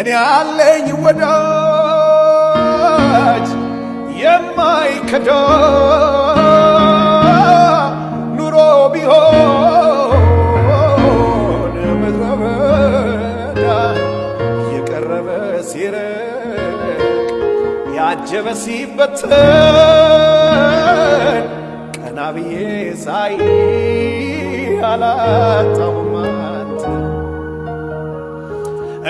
እኔ አለኝ ወዳጅ የማይከዳ ኑሮ ቢሆን ምድረ በዳ የቀረበ ሲረቅ ያጀበ ሲበተን ቀና ብዬ ሳይ አላጣሁ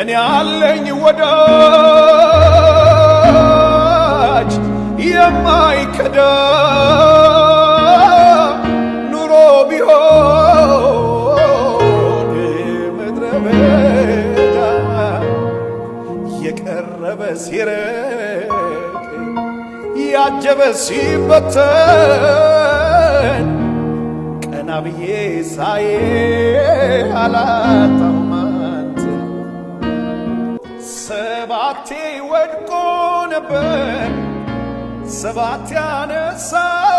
እኔ አለኝ ወዳጅ የማይከዳ ኑሮ ቢሆን ምድረ በዳ የቀረበ ሲረቅ ያጀበ ሲበተን ቀና ብዬ ሳዬ አላታ ወድቆ ነበር ሰባት ያነሳው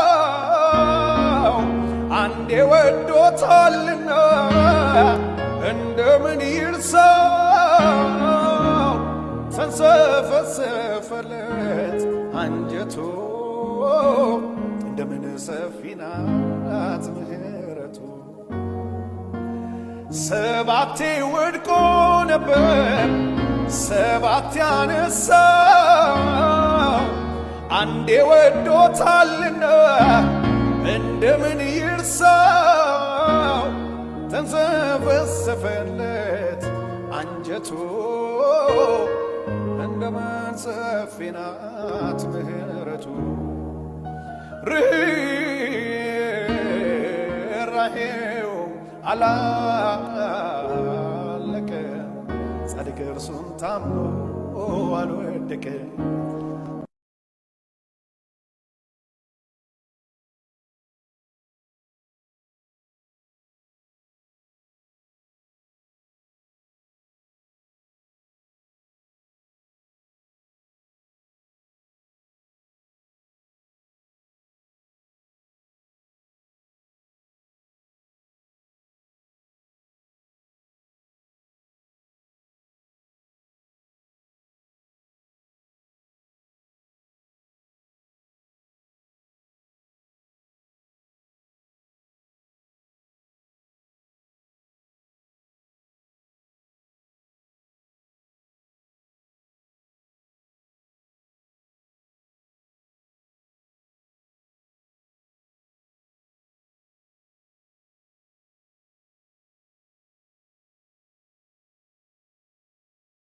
አንዴ ወዶታልና እንደምን ይርሳው ተንሰፈሰፈለት አንጀቶ እንደምን ሰፊ ናት ምሕረቱ ሰባቴ ወድቆ ነበር አትያነሳ አንዴ ወዶታልና እንደምን ይርሳው ተንሰፈሰፈለት አንጀቱ እንደምን ሰፊ ናት ምሕረቱ ርኅራኄው አላ ጻድቅ እርሱን ታምኖ አልወደቀ